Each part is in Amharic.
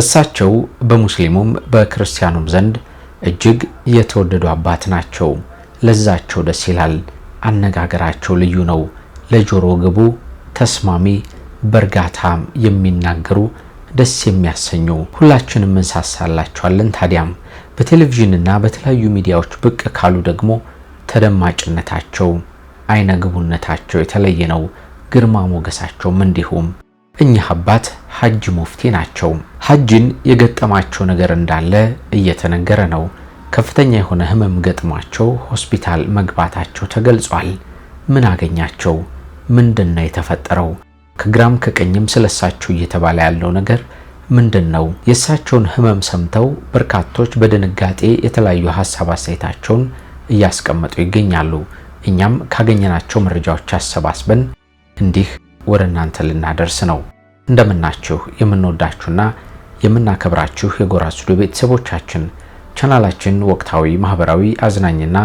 እሳቸው በሙስሊሙም በክርስቲያኑም ዘንድ እጅግ የተወደዱ አባት ናቸው። ለዛቸው ደስ ይላል። አነጋገራቸው ልዩ ነው። ለጆሮ ግቡ ተስማሚ፣ በእርጋታ የሚናገሩ ደስ የሚያሰኙ ሁላችንም እንሳሳላቸዋለን። ታዲያም በቴሌቪዥንና በተለያዩ ሚዲያዎች ብቅ ካሉ ደግሞ ተደማጭነታቸው አይነ ግቡነታቸው የተለየ ነው። ግርማ ሞገሳቸውም እንዲሁም እኚህ አባት ሐጅ ሙፍቲ ናቸው። ሐጅን የገጠማቸው ነገር እንዳለ እየተነገረ ነው። ከፍተኛ የሆነ ህመም ገጥሟቸው ሆስፒታል መግባታቸው ተገልጿል። ምን አገኛቸው? ምንድን ነው የተፈጠረው? ከግራም ከቀኝም ስለሳቸው እየተባለ ያለው ነገር ምንድን ነው? የእሳቸውን ህመም ሰምተው በርካቶች በድንጋጤ የተለያዩ ሀሳብ አስተያየታቸውን እያስቀመጡ ይገኛሉ። እኛም ካገኘናቸው መረጃዎች አሰባስበን እንዲህ ወደ እናንተ ልናደርስ ነው። እንደምናችሁ የምንወዳችሁና የምናከብራችሁ የጎራ ስቱዲዮ ቤተሰቦቻችን ቻናላችን ወቅታዊ፣ ማህበራዊ፣ አዝናኝና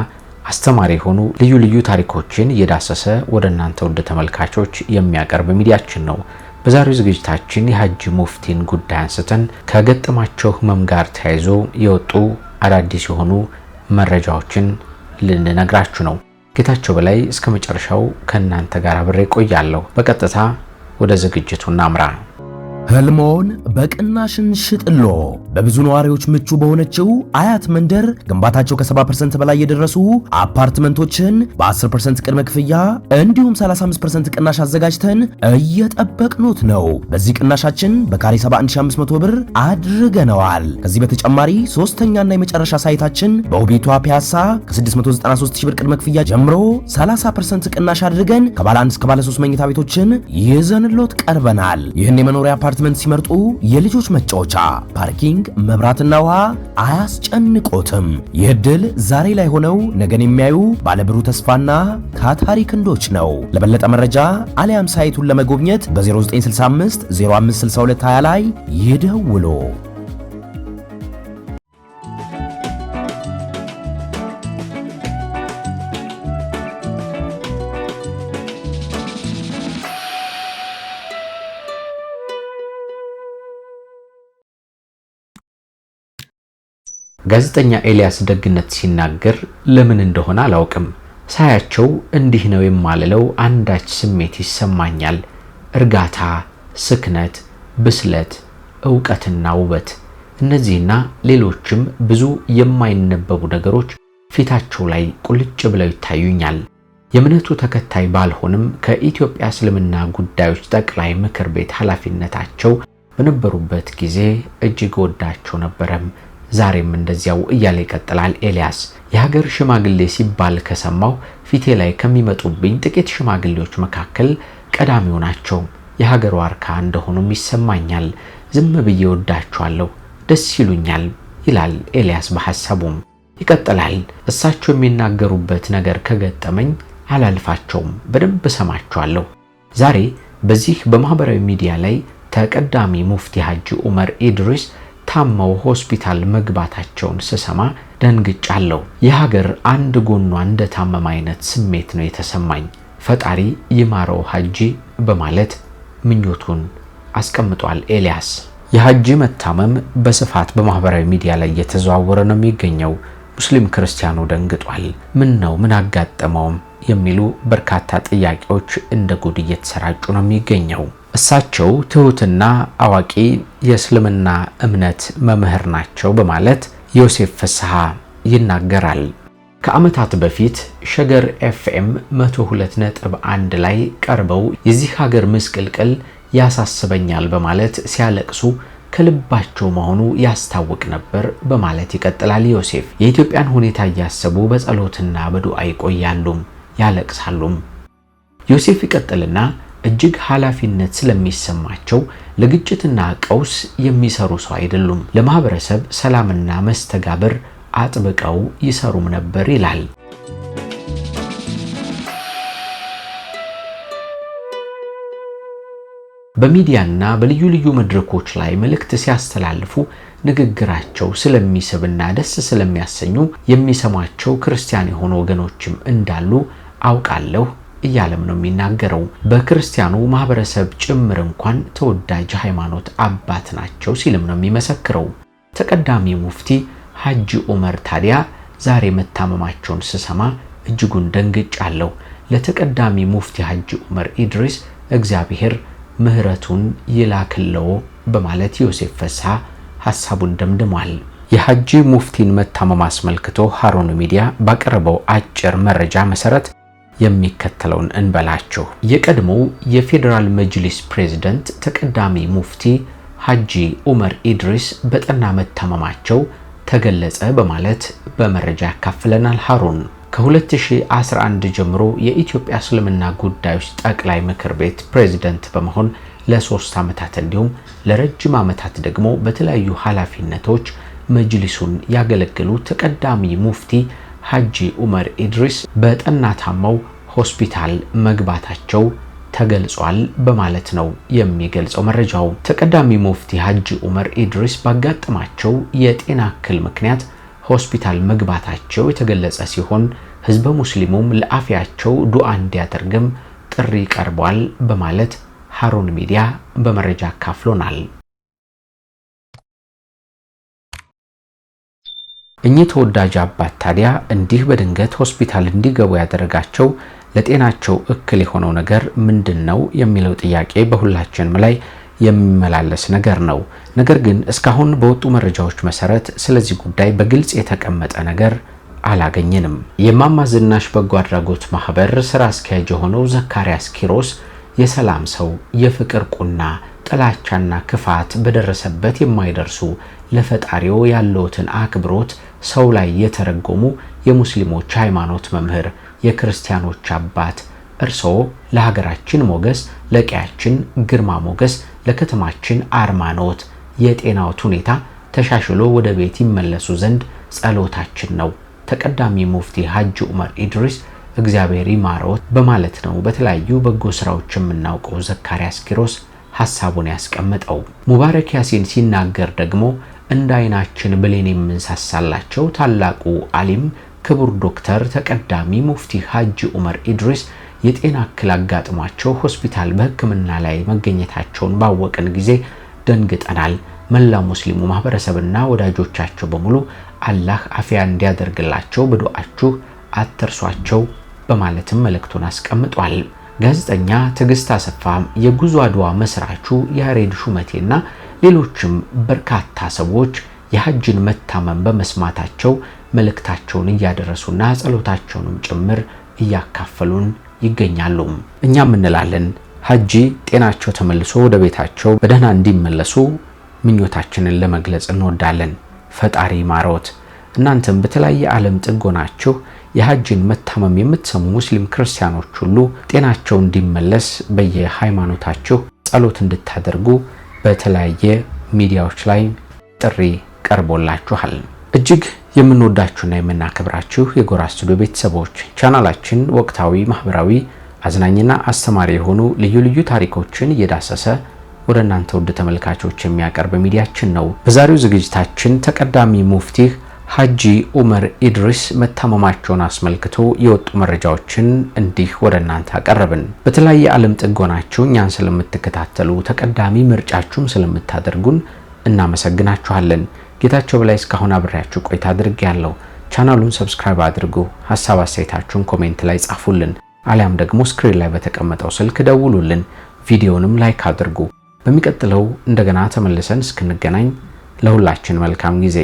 አስተማሪ የሆኑ ልዩ ልዩ ታሪኮችን እየዳሰሰ ወደ እናንተ ውድ ተመልካቾች የሚያቀርብ ሚዲያችን ነው። በዛሬው ዝግጅታችን የሀጂ ሙፍቲን ጉዳይ አንስተን ከገጠማቸው ህመም ጋር ተያይዞ የወጡ አዳዲስ የሆኑ መረጃዎችን ልንነግራችሁ ነው። ጌታቸው በላይ እስከ መጨረሻው ከእናንተ ጋር አብሬ ቆያለሁ። በቀጥታ ወደ ዝግጅቱ እናምራ። ህልሞን በቅናሽን ሽጥሎ በብዙ ነዋሪዎች ምቹ በሆነችው አያት መንደር ግንባታቸው ከ70% በላይ የደረሱ አፓርትመንቶችን በ10% ቅድመ ክፍያ እንዲሁም 35% ቅናሽ አዘጋጅተን እየጠበቅኖት ነው። በዚህ ቅናሻችን በካሬ 71500 ብር አድርገነዋል። ከዚህ በተጨማሪ ሶስተኛና የመጨረሻ ሳይታችን በውቤቷ ፒያሳ ከ693000 ብር ቅድመ ክፍያ ጀምሮ 30% ቅናሽ አድርገን ከባለ 1 እስከ ባለ 3 መኝታ ቤቶችን ይዘንሎት ቀርበናል። ይህን የመኖሪያ አፓርት አፓርትመንት ሲመርጡ የልጆች መጫወቻ፣ ፓርኪንግ፣ መብራትና ውሃ አያስጨንቆትም። ይህ ድል ዛሬ ላይ ሆነው ነገን የሚያዩ ባለብሩህ ተስፋና ታታሪ ክንዶች ነው። ለበለጠ መረጃ አሊያም ሳይቱን ለመጎብኘት በ0965 056220 ላይ ይደውሉ። ጋዜጠኛ ኤልያስ ደግነት ሲናገር ለምን እንደሆነ አላውቅም፣ ሳያቸው እንዲህ ነው የማልለው አንዳች ስሜት ይሰማኛል። እርጋታ፣ ስክነት፣ ብስለት፣ እውቀትና ውበት፣ እነዚህና ሌሎችም ብዙ የማይነበቡ ነገሮች ፊታቸው ላይ ቁልጭ ብለው ይታዩኛል። የእምነቱ ተከታይ ባልሆንም ከኢትዮጵያ እስልምና ጉዳዮች ጠቅላይ ምክር ቤት ኃላፊነታቸው በነበሩበት ጊዜ እጅግ ወዳቸው ነበረም። ዛሬም እንደዚያው እያለ ይቀጥላል ኤልያስ። የሀገር ሽማግሌ ሲባል ከሰማሁ ፊቴ ላይ ከሚመጡብኝ ጥቂት ሽማግሌዎች መካከል ቀዳሚው ናቸው። የሀገሩ ዋርካ እንደሆኑም ይሰማኛል። ዝም ብዬ ወዳቸዋለሁ፣ ደስ ይሉኛል ይላል ኤልያስ በሐሳቡም ይቀጥላል። እሳቸው የሚናገሩበት ነገር ከገጠመኝ አላልፋቸውም፣ በደንብ እሰማቸዋለሁ። ዛሬ በዚህ በማህበራዊ ሚዲያ ላይ ተቀዳሚ ሙፍቲ ሐጂ ዑመር ኢድሪስ ታመው ሆስፒታል መግባታቸውን ስሰማ ደንግጫለሁ። የሀገር አንድ ጎኗ እንደታመመ አይነት ስሜት ነው የተሰማኝ። ፈጣሪ ይማረው ሀጂ በማለት ምኞቱን አስቀምጧል ኤልያስ። የሀጂ መታመም በስፋት በማህበራዊ ሚዲያ ላይ እየተዘዋወረ ነው የሚገኘው። ሙስሊም ክርስቲያኑ ደንግጧል። ምን ነው ምን አጋጠመውም የሚሉ በርካታ ጥያቄዎች እንደ ጉድ እየተሰራጩ ነው የሚገኘው። እሳቸው ትሁትና አዋቂ የእስልምና እምነት መምህር ናቸው በማለት ዮሴፍ ፍስሐ ይናገራል። ከዓመታት በፊት ሸገር ኤፍኤም 102.1 ላይ ቀርበው የዚህ ሀገር ምስቅልቅል ያሳስበኛል በማለት ሲያለቅሱ ከልባቸው መሆኑ ያስታውቅ ነበር በማለት ይቀጥላል ዮሴፍ። የኢትዮጵያን ሁኔታ እያሰቡ በጸሎትና በዱዓ ይቆያሉም ያለቅሳሉም። ዮሴፍ ይቀጥልና እጅግ ኃላፊነት ስለሚሰማቸው ለግጭትና ቀውስ የሚሰሩ ሰው አይደሉም። ለማህበረሰብ ሰላምና መስተጋብር አጥብቀው ይሰሩም ነበር ይላል። በሚዲያና በልዩ ልዩ መድረኮች ላይ መልእክት ሲያስተላልፉ ንግግራቸው ስለሚስብና ደስ ስለሚያሰኙ የሚሰማቸው ክርስቲያን የሆኑ ወገኖችም እንዳሉ አውቃለሁ እያለም ነው የሚናገረው። በክርስቲያኑ ማህበረሰብ ጭምር እንኳን ተወዳጅ ሃይማኖት አባት ናቸው ሲልም ነው የሚመሰክረው። ተቀዳሚ ሙፍቲ ሐጂ ዑመር ታዲያ ዛሬ መታመማቸውን ስሰማ እጅጉን ደንግጫለሁ። ለተቀዳሚ ሙፍቲ ሐጂ ዑመር ኢድሪስ እግዚአብሔር ምህረቱን ይላክለው በማለት ዮሴፍ ፈሳ ሐሳቡን ደምድሟል። የሐጂ ሙፍቲን መታመም አስመልክቶ ሃሮን ሚዲያ ባቀረበው አጭር መረጃ መሰረት የሚከተለውን እንበላችሁ። የቀድሞው የፌዴራል መጅሊስ ፕሬዝደንት ተቀዳሚ ሙፍቲ ሐጂ ኡመር ኢድሪስ በጠና መታመማቸው ተገለጸ በማለት በመረጃ ያካፍለናል ሀሩን። ከ2011 ጀምሮ የኢትዮጵያ እስልምና ጉዳዮች ጠቅላይ ምክር ቤት ፕሬዝደንት በመሆን ለሶስት ዓመታት እንዲሁም ለረጅም ዓመታት ደግሞ በተለያዩ ኃላፊነቶች መጅሊሱን ያገለግሉ ተቀዳሚ ሙፍቲ ሐጂ ኡመር ኢድሪስ በጠና ታመው ሆስፒታል መግባታቸው ተገልጿል በማለት ነው የሚገልጸው መረጃው። ተቀዳሚ ሙፍቲ ሐጂ ኡመር ኢድሪስ ባጋጠማቸው የጤና እክል ምክንያት ሆስፒታል መግባታቸው የተገለጸ ሲሆን ህዝበ ሙስሊሙም ለአፊያቸው ዱዓ እንዲያደርግም ጥሪ ቀርቧል በማለት ሀሩን ሚዲያ በመረጃ አካፍሎናል። እኚህ ተወዳጅ አባት ታዲያ እንዲህ በድንገት ሆስፒታል እንዲገቡ ያደረጋቸው ለጤናቸው እክል የሆነው ነገር ምንድን ነው የሚለው ጥያቄ በሁላችንም ላይ የሚመላለስ ነገር ነው። ነገር ግን እስካሁን በወጡ መረጃዎች መሰረት ስለዚህ ጉዳይ በግልጽ የተቀመጠ ነገር አላገኘንም። የማማ ዝናሽ በጎ አድራጎት ማህበር ስራ አስኪያጅ የሆነው ዘካርያስ ኪሮስ የሰላም ሰው የፍቅር ቁና ጥላቻና ክፋት በደረሰበት የማይደርሱ ለፈጣሪው ያለውትን አክብሮት ሰው ላይ የተረጎሙ የሙስሊሞች ሃይማኖት መምህር፣ የክርስቲያኖች አባት እርስዎ ለሀገራችን ሞገስ፣ ለቀያችን ግርማ ሞገስ፣ ለከተማችን አርማ ነዎት። የጤናዎት ሁኔታ ተሻሽሎ ወደ ቤት ይመለሱ ዘንድ ጸሎታችን ነው። ተቀዳሚ ሙፍቲ ሀጂ ዑመር ኢድሪስ እግዚአብሔር ይማረዎት በማለት ነው በተለያዩ በጎ ስራዎች የምናውቀው ዘካርያስ ኪሮስ ሀሳቡን ያስቀመጠው። ሙባረክ ያሲን ሲናገር ደግሞ እንደ አይናችን ብሌን የምንሳሳላቸው ታላቁ አሊም ክቡር ዶክተር ተቀዳሚ ሙፍቲ ሀጂ ኡመር ኢድሪስ የጤና እክል አጋጥሟቸው ሆስፒታል በሕክምና ላይ መገኘታቸውን ባወቅን ጊዜ ደንግጠናል። መላ ሙስሊሙ ማህበረሰብና ወዳጆቻቸው በሙሉ አላህ አፊያ እንዲያደርግላቸው በዱዓችሁ አትርሷቸው በማለትም መልእክቱን አስቀምጧል። ጋዜጠኛ ትዕግስት አሰፋም የጉዞ አድዋ መስራቹ ያሬድ ሹመቴና ሌሎችም በርካታ ሰዎች የሐጅን መታመም በመስማታቸው መልእክታቸውን እያደረሱና ጸሎታቸውንም ጭምር እያካፈሉን ይገኛሉ። እኛም እንላለን ሐጂ ጤናቸው ተመልሶ ወደ ቤታቸው በደህና እንዲመለሱ ምኞታችንን ለመግለጽ እንወዳለን። ፈጣሪ ማሮት። እናንተም በተለያየ ዓለም ጥጎ ሆናችሁ የሐጅን መታመም የምትሰሙ ሙስሊም ክርስቲያኖች ሁሉ ጤናቸው እንዲመለስ በየሃይማኖታችሁ ጸሎት እንድታደርጉ በተለያየ ሚዲያዎች ላይ ጥሪ ቀርቦላችኋል። እጅግ የምንወዳችሁና የምናከብራችሁ የጎራ ስቱዲዮ ቤተሰቦች ቻናላችን ወቅታዊ፣ ማህበራዊ፣ አዝናኝና አስተማሪ የሆኑ ልዩ ልዩ ታሪኮችን እየዳሰሰ ወደ እናንተ ውድ ተመልካቾች የሚያቀርብ ሚዲያችን ነው። በዛሬው ዝግጅታችን ተቀዳሚ ሙፍቲህ ሐጂ ኡመር ኢድሪስ መታመማቸውን አስመልክቶ የወጡ መረጃዎችን እንዲህ ወደ እናንተ አቀረብን። በተለያየ ዓለም ጥግ ሆናችሁ እኛን ስለምትከታተሉ ተቀዳሚ ምርጫችሁም ስለምታደርጉን እናመሰግናችኋለን። ጌታቸው በላይ እስካሁን አብሬያችሁ ቆይታ አድርግ ያለው ቻናሉን ሰብስክራይብ አድርጉ። ሀሳብ አስተያየታችሁን ኮሜንት ላይ ጻፉልን፣ አሊያም ደግሞ ስክሪን ላይ በተቀመጠው ስልክ ደውሉልን። ቪዲዮንም ላይክ አድርጉ። በሚቀጥለው እንደገና ተመልሰን እስክንገናኝ ለሁላችን መልካም ጊዜ